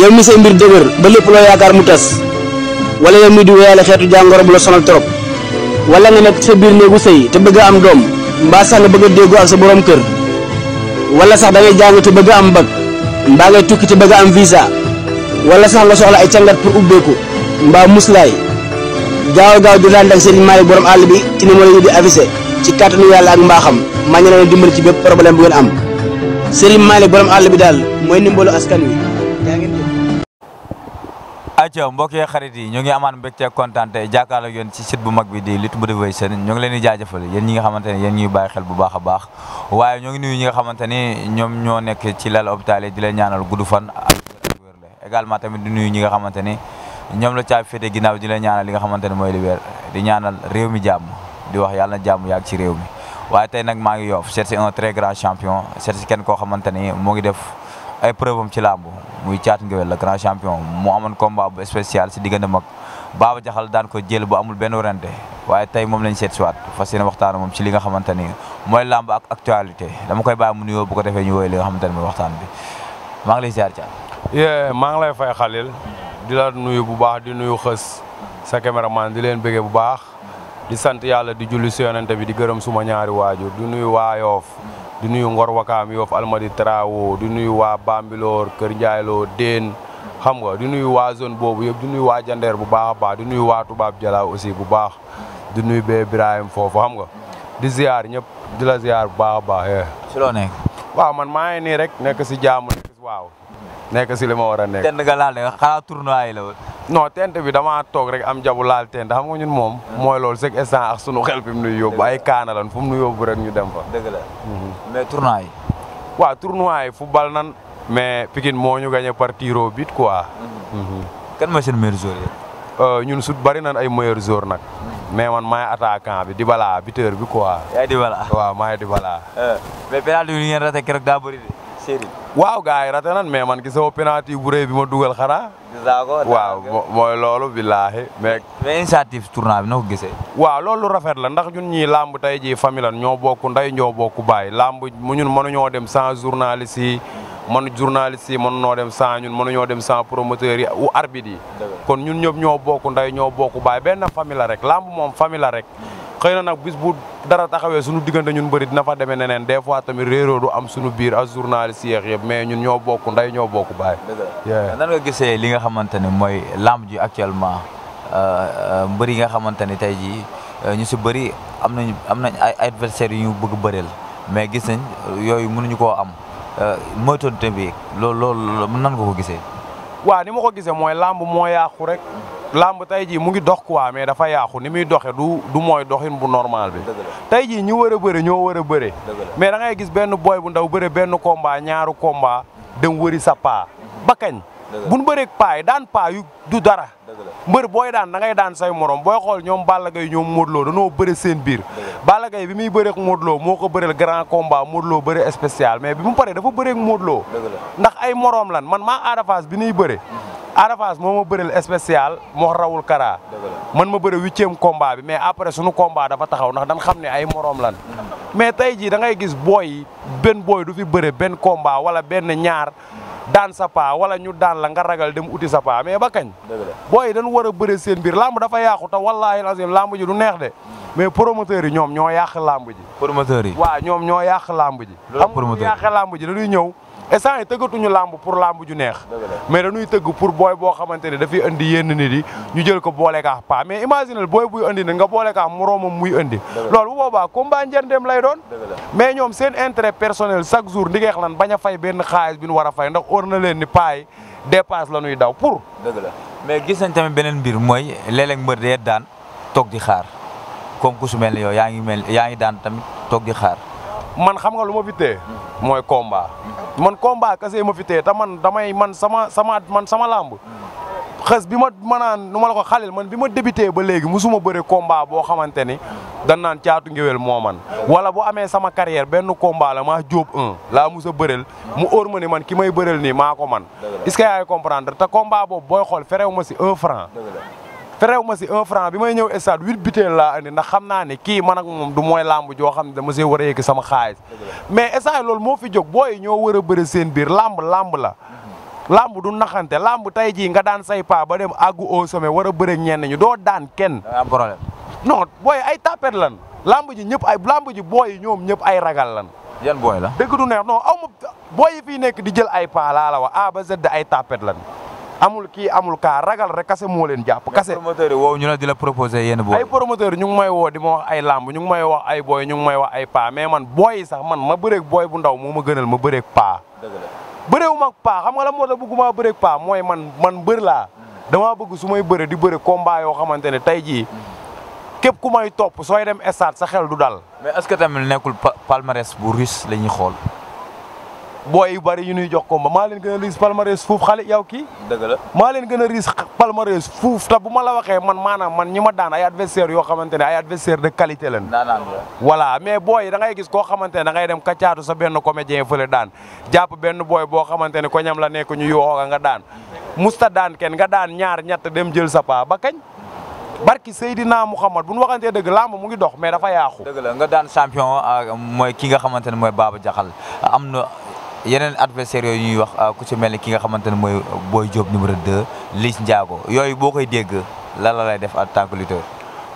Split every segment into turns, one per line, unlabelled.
yow mi sey mbir deuguer ba lepp lo yaakar mu tass wala yow mi di wéyale xeetu jangoro bu la sonal torop wala nga nek sa bir neegu sey te bëgg am dom mba sax nga bëgg ak sa borom kër wala sax da ngay te bëgg am mba ngay tukki te bëgg am visa wala sax nga soxla ay cangat pour ubbeeku mba muslay gaaw gaaw di daan ak sëriñ Maalik borom all bi ci ni mo la di avisé ci kàttanu yalla ak mbaxam ma ñu la dimbal ci bëpp problème bu ngeen am sëriñ malik borom àll bi daal mooy askan wi
acca mbokk yee xarit yi ñu ngi amaan mbégte kontaan tey jàkkaarloo yéen ci site bu mag bi di Lutte Motivation ñu ngi leen di jaajëfal yéen ñi nga xamante ne yéen ñuy bàyyi xel bu baax a baax waaye ñoo ngi nuyu ñi nga xamante ni ñoom ñoo nekk ci lal hôpital yi di leen ñaanal gudd fan ak wér la également tamit di nuy ñi nga xamante ni ñoom la caabi féete ginnaaw di leen ñaanal li nga xamante ne mooy li weer di ñaanal réew mi jàmm di wax yàlla na jàmm ci réew mi waaye tey nag maa ngi yoof c'est un très grand champion c'est kenn koo xamante ni moo ngi def ay preuve am ci làmb muy Thiat Nguéweul la grand champion mu amoon combat bu spécial si diggante mag Baba Jaxal daan ko jël bu amul benn werante waaye tey moom lañ seet siwaat fas yéene waxtaan moom ci li nga xamante ni mooy làmb ak actualité dama koy baa mu nuyoo bu ko defee ñu woy li nga xamante ne mooy waxtaan bi maa ngi lay ziar
Thiat. maa ngi lay fay Khalil di la nuyu bu baax di nuyu xës sa caméraman di leen bëggee bu baax di sant yàlla di julli si yonente bi di gërëm suma ñaari waajur di nuyu waa di nuyu Ngor Wakaam Yoff Almadi Traawo di nuyu waa Bambilor Kër Njaayloo Déen xam nga di nuyu waa zone boobu yëpp di nuyu waa Jandeer bu baax a baax di nuyu waa Tubaab Jalaaw aussi bu baax di nuyu bee Ibrahim foofu xam nga di ziar ñëpp di la ziar bu baax a baax. Eh. si waaw man maa ngi nii rek nekk si jaamu nekk waaw. nekk si li ma war a nekk. tournoi la woon. non tent bi damaa toog rek am jabu laal tent xam nga ñun moom. mooy lool chaque instant ak sunu xel fi mu nuy yóbbu ay kaana lan fu mu nuy yóbbu rek ñu dem fa. Mhm. mais tournoi yi. waaw tournoi yi football nan mais Pikine moo ñu gagné par tir au but quoi. Mhm. Mhm. kan mooy seen euh, bari nan ay meilleur joueur nag. mais man maay attaquant bi Dybala bi quoi. yaay Dybala maay Dybala. Euh, waaw gars yi raté nan mais man ki sama bu rëy bi ma dugal xanaa. waaw mooy loolu billaahi mais. mais
initiative tournoi bi na ko gisee.
waaw loolu rafet la ndax ñun ñii làmb tey jii famille lan ñoo bokk nday ñoo bokk baay làmb mu ñun ñoo dem sans journaliste yi. man journaliste yi mënuñoo dem sans ñun mënuñoo dem sans promoteurs yi ou arbitre yi. kon ñun ñëpp ñoo bokk nday ñoo bokk baay benn famille la rek làmb moom famille rek. xëy na nag bis bu dara taxawee suñu diggante ñun bëri dina fa demee neneen des fois tamit réeroo du am suñu biir ak journaliste yeex yëpp mais ñun ñoo bokk nday ñoo bokk baay.
dëgg nan nga gisee li nga xamante ne mooy lamb ji actuellement euh, euh, mbër yi nga xamante ne tey jii euh, ñu si bëri am nañu am nañ ay adversaires yu ñu bëgg bëreel mais gis nañ yooyu mun mënuñu koo am moytoonte bi loolu lool mun nga ko gisee.
waaw ni ma ko gisee mooy lamb moo yàqu rek. làmb tey jii mu ngi dox quoi mais dafa yaaxu ni muy doxe du du mooy doxin bu normal bi tey jii ñu war a bëre ñoo war a bëre mais da ngay gis benn boy bu ndaw bëre benn combat ñaaru combat dem wëri sa paa ba kañ buñ paa yi daan paa yu du dara mbër booy daan da ngay daan say morom booy xool ñoom Balla gay ñoom Modou Lo danoo bëre seen biir Balla Gaye bi muy bëreeg Modou Lo moo ko bëreel grand combat Modou bëre spécial mais bi mu paree dafa bëreeg Modou Lo ndax ay morom lan man maa aadafaas bi nuy bëre mm-hmm. Ada Fass moo ma bëreel spécial moo rawul Kara. man ma bëri huitième combat bi mais après sunu combat dafa taxaw ndax dañ xam ne ay moroom lan. mais tey jii da ngay gis booy benn booy du fi bëre benn combat wala benn ñaar daan sa paa wala ñu daan la nga ragal dem uti sa paa mais ba kañ. booy dañ war a bëre seen biir làmb dafa yàqu te wallaahi lazim làmb ji du neex de. mais promoteurs yi ñoom ñoo yàq làmb ji. promoteurs yi waaw ñoom ñoo yàq làmb ji. loolu promoteur xam làmb ji dañuy ñëw. essant yi tëggatuñu làmb pour làmb ju neex mais dañuy tëgg pour booy boo xamante ne dafay indi yenn nit di ñu jël ko boole kaax paa mais imaginel booy buy indi ne nga boole kaax moroomam muy indi loolu bu boobaa combat njëndeem lay doon mais ñoom seen intérêt personnel chaque jour ndigeex lan bañ a fay benn xaalis bi ñu war a fay ndax óor na leen ni paay dépasse la ñuy daw pour dëgg la
mais gis nañ tamit beneen mbir mooy léeg-léeg mbër dee daan
toog di xaar comme ku su mel ni yow yaa ngi mel yaa ngi daan tamit toog xaar man xam nga lu ma fi téye mooy combat man combat kase ma fi téye te man damay man sama sama man sama làmb xës bi ma mënaan nu ma la ko xalil man bi ma débuté ba léegi musuma bëre combat boo xamante ni dan naan caatu ngéwél moo man wala bu amee sama carrière benn combat la maa jóob un laa mus a mu óor ma ni man ki may bëreel nii maa ko man est-ce que yaay comprendre te combat boobu booy xool ferew ma si un franc ferew ma si un franc bi may ñëw stade huit butéel la andi ndax xam naa ne kii man ak du mooy làmb joo xam ne dama se war a yëkk sama xaalis mais stade loolu moo fi jóg booy ño war a bëri seen biir làmb làmb la làmb du naxante làmb tey jii nga daan say paa ba dem àggu au sommet war a bëre ñenn ñu doo daan kenn am problème non booy ay tapet lan làmb ji ñëpp ay làmb ji booy ñoom ñëpp ay ragal lan yan la dëgg du neex non aw ma yi fii nekk di jël ay paa laa la wa A ba Z ay tapet lan amul kii amul kaa ragal rek kase moo leen jàpp. kase
promoteur woo ñu di la proposé yéen booy. ay
promoteur ñu ngi may woo di ma wax ay làmb ñu ngi may wax ay booy ñu ngi may wax ay paa mais man booy yi sax man ma bëreeg booy bu ndaw moo ma gënal ma bëreeg paa. dëgg la ma paa xam nga la moo tax bëgguma bëreeg paa mooy man man bër laa. Hmm. damaa bëgg su may bëre di bëre combat yoo xamante ne tey jii. Hmm. képp ku may topp sooy dem stade sa xel du dal.
mais est-ce que tamit nekkul palmarès bu
ris la ñuy xool boy yu bari yu ñuy jox combat palmaris leen gëna ris palmarès fouf xalé yow ki deug la ma leen gëna ris palmarès fouf ta buma la waxé man manam man ñima daan ay adversaire yo xamantene ay adversaire de qualité lañ voilà mais boy da ngay gis ko xamantene da ngay dem kaccaatu sa benn comédien feulé daan japp benn boy, bo xamantene ko ñam la nekk ñu yoo nga daan musta daan ken nga daan ñaar ñatt dem jël sa pa, ba kañ barki sayidina muhammad buñ waxante deug lamb mu ngi dox mais dafa yaaxu deug la nga daan champion ah, moy ki nga xamantene moy
Baba Jaxal amna yeneen adversaire yooyu ñuy wax ah, ku ci mel ni ki nga xamante ne mooy Boy Diop numéro 2 Liss Ndiago yooyu boo koy dégg lan la lay def en tant que lutteur.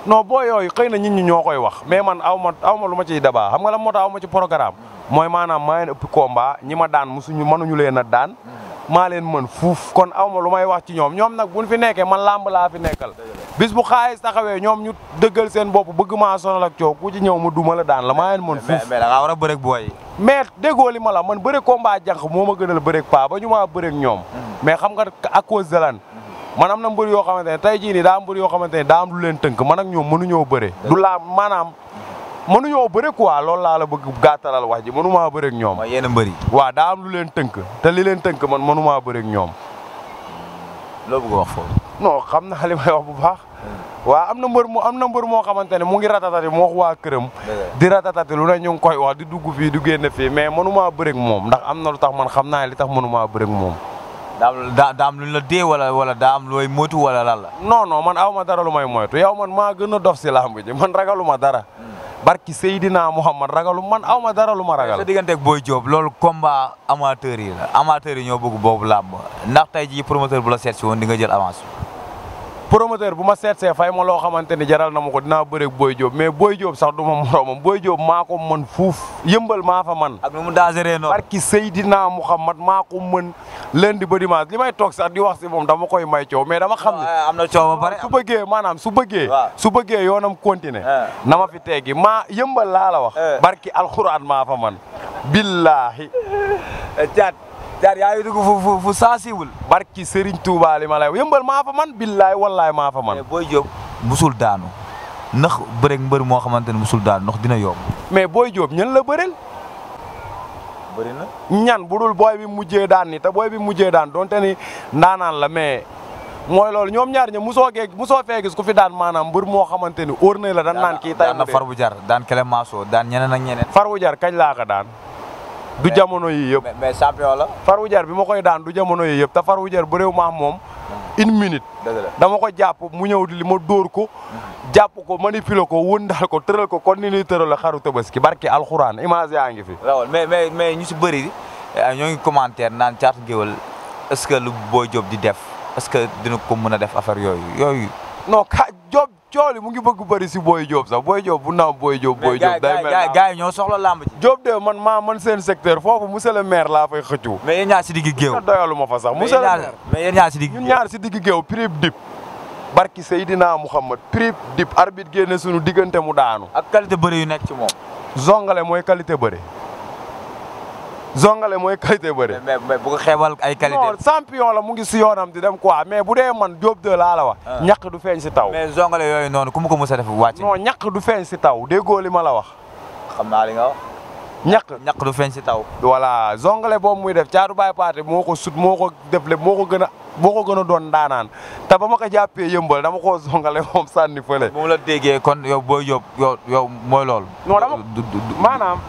non boo yooyu xëy na nit ñi ñoo koy wax mais man aw ma aw ma lu ma ciy dabaa xam nga la moo tax aw ma ci programme mooy maanaam maa leen ëpp ñi ma daan musuñu mënuñu leen a daan maa leen mën fuuf kon aw ma lu may wax ci ñoom ñoom nag buñ fi nekkee man lamb laa fi nekkal bis bu xaalis taxawee ñoom ñu dëggal seen bopp bëgg maa la ak coow ku ci ñëw ma duma daan la maa leen mën fuuf mais da ngaa war a bëreeg booy yi mais déggoo li ma la man bëreeg combat jànq moo ma gënal bëreeg paa ba ñu maa bëreeg ñoom mm-hmm. mais xam nga à cause de lan mm-hmm. man na mbër yoo xamante ne tey jii nii daa am yoo xamante ne daa am lu leen tënk man ak ñoom mënuñoo bëre du laa maanaam mënuñoo bëre quoi loolu laa la bëgg gàttalal wax ji mënumaa bëreeg ñoom yéen mbër yi waaw daa am lu leen tënk te li leen tënk man mënumaa bëreeg ñoom loo bëgg wax foofu. non xam na li may wax bu baax. waa am na mbër mu am na mbër moo xamante ne mu ngi ratatati mu wax waa këram. di ratatati lu ne ñu ngi koy wax di dugg fii di génn fii mais mënumaa bëreeg moom ndax am na lu tax man xam naa li tax mënumaa bëreeg moom. daa daa am lu la dee wala wala daa am looy moytu wala lan la. non non man aw ma dara lu may moytu yow man maa gën a dof si làmb ji man ragalu ma dara. Hmm. barki Seydina Mouhamad ragalu man aw ma dara lu ma ragal. sa digganteeg Boy Diop loolu combat amateur yi la amateur yi ñoo bëgg boobu làmb ndax tey
jii promoteur bu la seet si woon di nga jël avance.
promoteur bu ma seet see fay ma loo xamante ni jaral na ma ko dinaa bëre ak Boy Diop mais Boy Diop sax du ma moromam Boy Diop maa ko mën fuuf yëmbal maa fa man ak nu mu dangereux noonu barki Seydina Mouhamad maa ko mën lundi ba dimanche li may toog sax di wax si moom dama koy may coow mais dama xam ne am na coow ba pare su bëggee maanaam su bëggee su bëggee yoonam continuer eh. na ma fi teggi maa yëmbal laa la wax eh. barki alxuraan maa fa man billaahi eh, caat jaar yaa ngi dugg fu fu wul sensible barki Serigne Touba li ma lay yëmbal maa fa man billaay wallaay maa fa man Boy Diop musul daanu ndax bëreeg mbër moo xamante ni musul daanu ndax dina yomb mais Boy Diop ñan la bëreel bëri na ñan bu booy bi mujjee daan ni te booy bi mujjee daan donte ni ndaanaan la mais mooy loolu ñoom ñaar ña musoo gee musoo fee gis ku fi daan maanaam mbër moo xamante ni óor na la dan naan kii tey daan na Farou Diar daan Clémenceau daan ñeneen ak ñeneen Farou Diar kañ laa ko daan du jamono yi yëpp mais champion la. Farou bi ma koy daan du jamono yi yëpp te Farou Diar bu réew ma moom. une minute. dama ko jàpp mu ñëw li ma dóor ko. jàpp ko manipuler ko wëndaal ko tëral ko kon ni ñuy tërale xaru tabaski barki alxuraan image yaa ngi fi.
rawal mais mais mais ñu si bëri euh, ñoo ngi commentaire naan Caatu Géwël est-ce que lu Boy Diop di def est que dina ko mën a def affaire yooyu yooyu. non ka Diop cool yi mu ngi bëgg
bëri si Boy Diop sax Boy Diop bu naaw Boy job, Boy Diop day mel gars yi ñoo soxla làmb ji. Diop de man maa man seen secteur foofu monsieur le maire laa fay xëccu. mais yéen ñaar si digg géew. doyalu ma fa sax monsieur le maire mais yéen ñaar si digg ñun ñaar digg dip. barki dip arbitre génne suñu diggante mu daanu. ak qualité bëre yu nekk ci moom. zongale mooy qualité bëre. zongale mooy qualité bëri. mais mais ko xeebal ay qualité. non la mu ngi si yoonam di dem quoi mais bu dee man Diop de laa la wax. Ah. ñàkk du feeñ si taw.
mais yooyu noonu ku mu ko mos a def
wàcc. non ñàkk du feeñ si taw déggoo li ma la wax. xam naa li nga wax.
ñàkk du feeñ si taw.
voilà zongale boobu muy def caatu baay paate moo ko sut moo ko def le moo ko gën a moo ko gën a doon daanaan te ba ma ko jàppee yëmbal dama ko zongale moom sànni fële. moom la déggee kon yow booy yo yow yow mooy loolu. maanaam.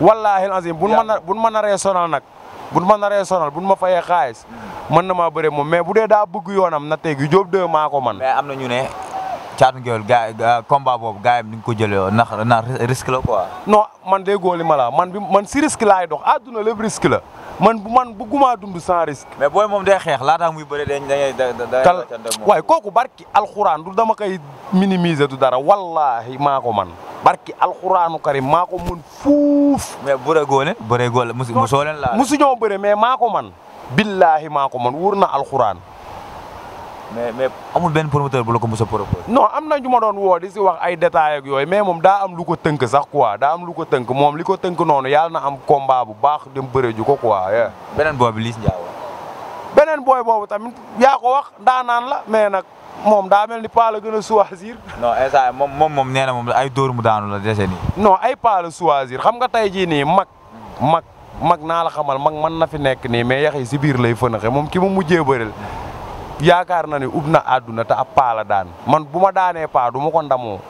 wallaahi azim buñ mën a buñ mën a ree sonal nag buñ mën a ree sonal buñ ma fayee xaalis mën na maa bëre moom mais bu dee daa bëgg yoonam na tey gi Diop 2 maa ko man mais am na ñu ne Caatu Ngéwél gaa combat boobu gaa yi ni nga ko jëlee ndax ndax risque la quoi. non man déggoo li ma la man bi man si risque laay dox àdduna lépp risque la. man man bëgguma dund sans risque. mais booy moom day xeex laata muy bëre dañ dañuy da da tal waaye kooku barki alxuraan du dama koy minimiser du dara wallahi maa ko man barki alxuraanu karim maa ko mën fuuf. mais bëre góole bëre góole musu musoo leen laa. musu ñoo bëre mais maa ko man. billahi maa ko man wóor na alxuraan.
mais mais amul benn promoteur bu la ko mos a proposé.
non am na ñu ma doon woo di si wax ay détails ak yooyu mais moom daa am lu ko tënk sax quoi daa am lu ko tënk moom li ko tënk noonu yàlla na am combat bu baax dem bëre ju ko quoi. beneen boobu Liss Ndiago. beneen booy boobu tamit yaa ko wax daanaan la mais nag moom daa mel ni paa la gën a choisir. non instant moom moom moom nee na moom ay dóor mu daanu la dese nii. non ay paa la choisir xam nga tey jii nii mag mag mag naa la xamal mag mën na fi nekk nii mais yax si biir lay fënaxe moom ki mu mujjee bëril Ya na ni ubna na ta apala dan man buma ma pa paa du ma ko ndamoo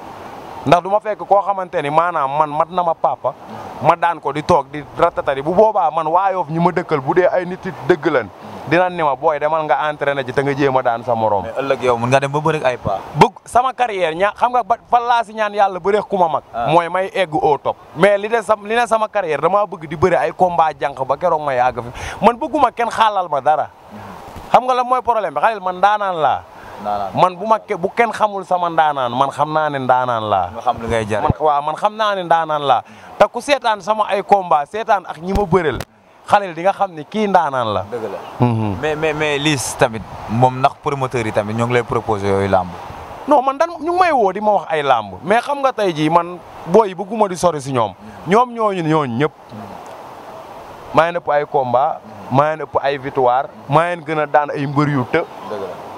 ndax duma fekk ko xamanteni ni man matna ma papa ma dan ko di tok di ratatari bu boba man wayof ñuma dekkal dëkkal bu dee ay nit it lan dinañ ni ma boy demal nga entraîner ci te nga jema dan sa morom. mais yow mun nga dem ba ay pa bu sama carrière ña xam nga fa la laa si ñaan yalla bëree kuma mag. Ah. moy may egg au top. mais li sam li ne sama carrière dama bëgg di bëri ay combat jank ba kéro ma yag fi man bëgguma ken xalal ma dara xam nga la moy problème bi xalil man ndaanaan la man bu ma bu ken xamul sama ndaanaan man xamna naa ne ndaanaan laa nga xam lu ngay jar man waaw man ne ndaanaan laa ku setan sama ay combat setan ak ñima beurel bëreel di nga xam ne kii ndaanaan la deug la
mhm. mais mais
mais Liss
tamit mom nak promoteur yi tamit ñong lay proposer yoy lamb
non man dan ñu may wo di ma wax ay lamb mais xam nga tay ji man bu guma di sori si ñom mm. ñoom ñooñu ñooñu ñep maa ngi ëpp ay combat maa ngi ëpp ay victoire maa ngi gën a daan ay mbër yu të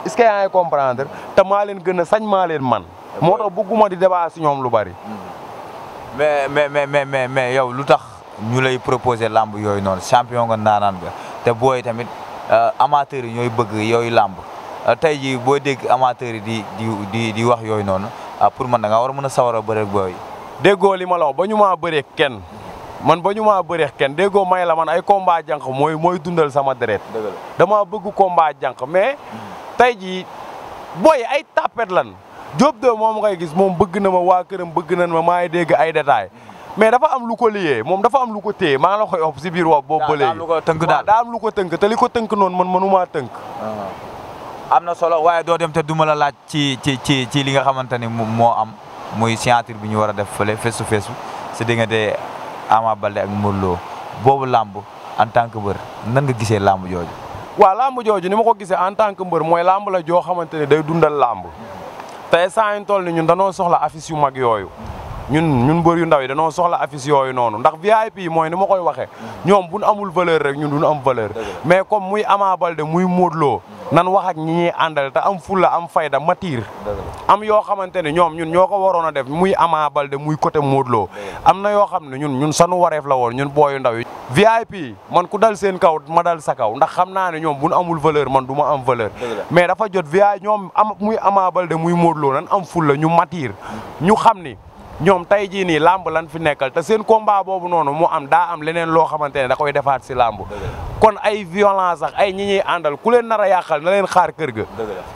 est-ce que te maa leen gën a sañ maa leen man moo tax bëgguma di débat si lu bari hmm.
mais mais mais mais mais yow lu tax ñu lay proposer lamb yooyu noon champion nga naanaan nga te booy tamit euh, amateurs yi ñooy bëgg yooyu lamb euh, tey jii boo dégg amateurs yi di di di di wax yooyu noonu ah, pour man
da nga war a mën a sawar a bëreeg booy déggoo li ba ñu maa bëreeg kenn man ba ñu maa bëreex kenn déggoo may la man ay combat jànq mooy mooy dundal sama deret dama bëgg combat jànq mais tey jii booy ay tapet lan Diop de moom ngay gis moom bëgg na ma waa këram bëgg na ma maa ngi dégg ay détails mais dafa am lu ko liyee moom dafa am lu ko téye maa ngi la koy wax si biir wax boobu ba léegi daa am lu ko tënk te li ko tënk noonu man mënumaa tënk ah.
am na solo waaye doo dem te duma la laaj ci ci ci ci li nga xamante ni moo am muy signature bi ñu war a def fële face to face si diggante Ama bale ak Modou Lo boobu làmb en tant que mbër nan nga gisee làmb jooju.
waa lamb jooju ni ma ko gisee en tant que mbër mooy làmb la joo xamante ne day dundal làmb te saa yu toll ni ñun danoo soxla affiche yu mag yooyu. ñun ñun mbër yu ndaw yi dañoo soxla affiche yooyu noonu ndax VIP yi mooy ni ma koy waxee ñoom buñ amul valeur rek ñun duñu am valeur mais comme muy Ama Baldé muy Modou Lo nan wax ak ñi ñuy te am fulla am fayda matiir am yoo xamante ne ñoom ñun ñoo ko waroon a def muy Ama Baldé muy côté Modou am na yoo xam ne ñun ñun sanu wareef la woon ñun booyu ndaw yi VIP man ku dal seen kaw ma dal sa kaw ndax xam naa ne ñoom buñ amul valeur man duma am valeur mais dafa jot VIP ñoom am muy Ama Baldé muy Modou Lo nan am fulla ñu matiir mm. ñu xam ni ñoom tey jii nii làmb lan fi nekkal te seen combat boobu noonu mu am daa am leneen loo xamante ne da koy defaat si làmb kon ay violence sax ay ñi ñuy àndal ku leen nar a yàqal na leen xaar kër ga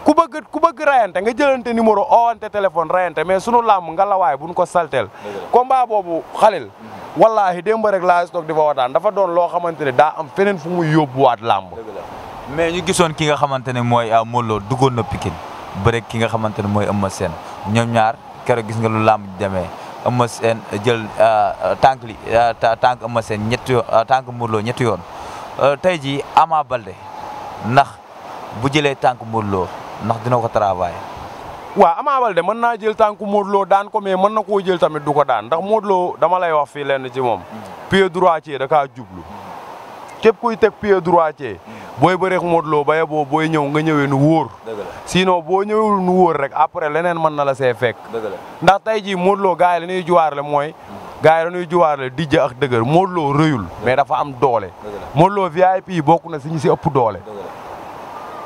ku bëgg ku bëgg rayante nga jëlante numéro oowante téléphone rayante mais sunu làmb nga la lawaay buñ ko salteel combat boobu xalil mhm. wallaahi démb rek la toog di fa waxtaan dafa doon loo xamante ne daa am feneen fu mu muy yóbbuwaat làmb mais ñu gisoon ki nga xamante
ne mooy euh, Modou Lô duggoon na Pikine ki nga xamante ne mooy Eumeu Sène ñoom ñaar kere gis nga lu làmb demee Eumeu Sène jël euh, euh, tànk li euh, tànk Eumeu Sène ñetti yoon tànk Modou Lo ñetti yoon tey ji Ama Baldé ndax bu jëlee tànk Modou loo ndax dina ko travailler.
waaw Ama Baldé mën naa jël tànk Modou loo daan ko mais mën na koo jël tamit du ko daan ndax Modou Lo dama lay wax fii lenn ci moom. Mm. pied droitier da kaa jublu képp kuy teg pied droitier. Mm. booy bëreek Modou Lo ba boo booy ñëw nga ñëwee nu wóor sinon boo ñëwul nu wóor rek après leneen mën na la see fekk ndax tey jii Modou Lo gars yi la ñuy mooy gars yi dañuy juwaarle dijj ak dëgër Modou Lo rëyul mais dafa am doole Modou Lo VIP bokk na si ñu si ëpp doole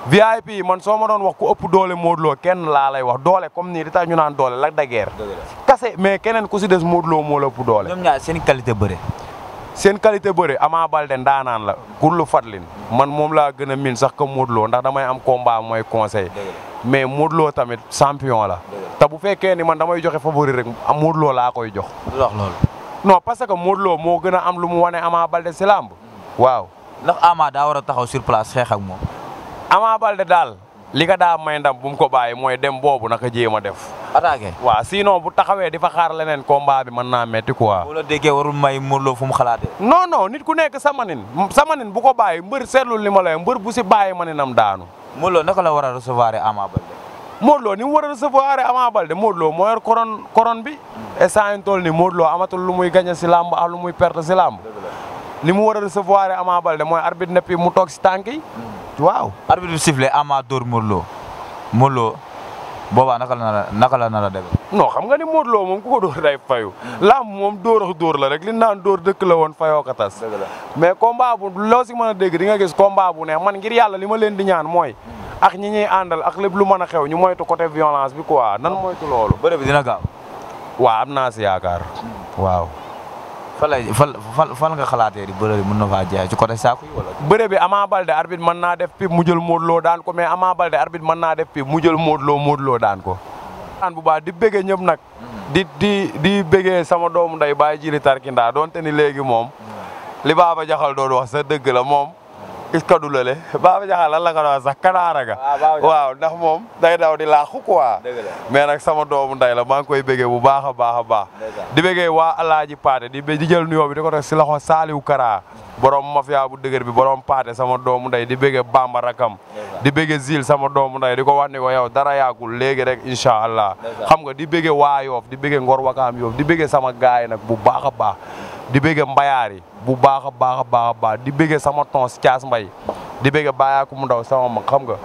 VIP man soo ma doon wax ku ëpp doole Modou Lo kenn laa lay wax doole comme nii di ñu naan doole la dageer kase mais keneen ku si des Modou loo mool la ëpp doole ñoom ñaar seen qualité bëre seen qualité bëre Ama Baldé ndaanaan la kullu fatlin man moom laa gën a miin sax que Modou Lo ndax damay am combat mooy conseil mais Modou Lo tamit champion la te bu fekkee ni man damay joxe favori rek Modou Lo laa koy jox wax loolu non parce que Modou moo gën a am lu mu wane Ama Baldé si làmb
waaw ndax Ama daa war a taxaw sur place xeex ak moom
Ama daal li ko daa may ndam bu mu ko bàyyi mooy dem boobu naka jéema a def. waa waaw sinon bu taxawee di fa xaar leneen combat bi mën naa metti quoi. bu la déggee warul may Modou fu mu xalaatee. non non nit ku nekk sama nin sama nin bu ko bàyyi mbër seetlul li ma lay mbër bu si bàyyi ma ninam daanu. Modou Lo naka la war a recevoir Ama Baldé. Modou Lo ni mu war a recevoir Ama Baldé Modou bi. instant mm. yii toll nii amatul lu muy gagné si làmb ak muy perte si làmb. mu war a recevoir Ama Baldé mooy arbitre neppi mu toog si tànk yi. Mm. waaw arbitre bi sifflé Ama dóor Modou Lo Modou Lo boobaa
naka la nar a naka la nar a demee. non
xam nga ni Modou Lo moom ku ko dóor day fayu. lamb moom door ak dóor la rek li naan dóor dëkk la woon fayoo ko tas. mais combat bu loo si mën a dégg di nga gis combat bu ne man ngir yàlla li ma leen di ñaan mooy. ak ñi ñuy àndal ak lépp lu mën a xew ñu moytu côté violence bi quoi nan moytu loolu. bëre bi dina gaaw. waa am naa si yaakaar. waaw. fan lay fan fan nga xalaatee di bëre bi mën na faa jaay ci côté saako yi wala. bëre bi Ama Balde arbitre mën naa def pib mu jël Modou Lo daan ko mais Ama Balde arbitre mën naa def pib mu jël Modou Lo Modou Lo daan ko. daan bu baax di bëggee ñëpp nag. Mm-hmm. di di di bëggee sama doomu nday bàyyi jili tarkindaa donte ni léegi moom. Mm-hmm. li baaba jaxal doon wax sa dëgg la moom. is ka du lale Baba Diakhal lan la ko ah, waaw ndax moom day daw di laaxu waa mais nag sama doomu nday la maa ngi koy béggee bu baax a baax a baax di béggee waa alaaji paate di di jël nuyoo bi di ko teg si loxo wu karaa borom mafia bu dëgër bi borom paate sama doomu nday di béggee bamba rakam di béggee zil sama doomu nday di ko wax ne ko yow dara yàggul léegi rek incha allah xam nga di béggee waa yoof di béggee ngor wakaam yoof di béggee sama gaay nag bu baax a baax di bëgg mbayaar yi bu baax a baax a baax a baax di bëgg sama tons caas mbay di bëgg bàyyaa ku mu ndaw sama ma xam nga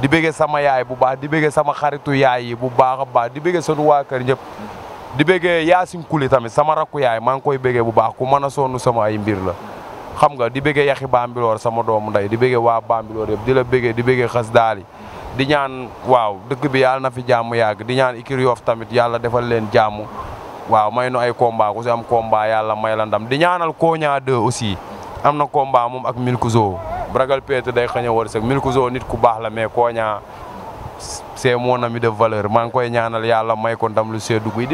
di bëgg sama yaay bu baax di bëgg sama xaritu yaay yi bu baax a baax di bëgg sunu waa kër ñëpp di bëggee yaasin kuli tamit sama rakku yaay maa ngi koy bëggee bu baax ku mën a sonn sama ay mbir la xam nga di bëggee yaxi bambiloor sama doomu nday di bëggee waa bambiloor yëpp di la bëggee di bëggee xas daali di ñaan waaw dëkk bi yàlla na fi jàmm yàgg di ñaan ikir yoof tamit yàlla defal leen jàmm waaw may nu ay combat ku si am komba yàlla may la ndam di ñaanal Konia 2 aussi am na combat moom ak Milkouzo Bragal Peete day xañ a wërsëg Milkouzo nit ku baax la mais Konia c'est mon ami de valeur maa ngi koy ñaanal yàlla may ko ndam lu see dugg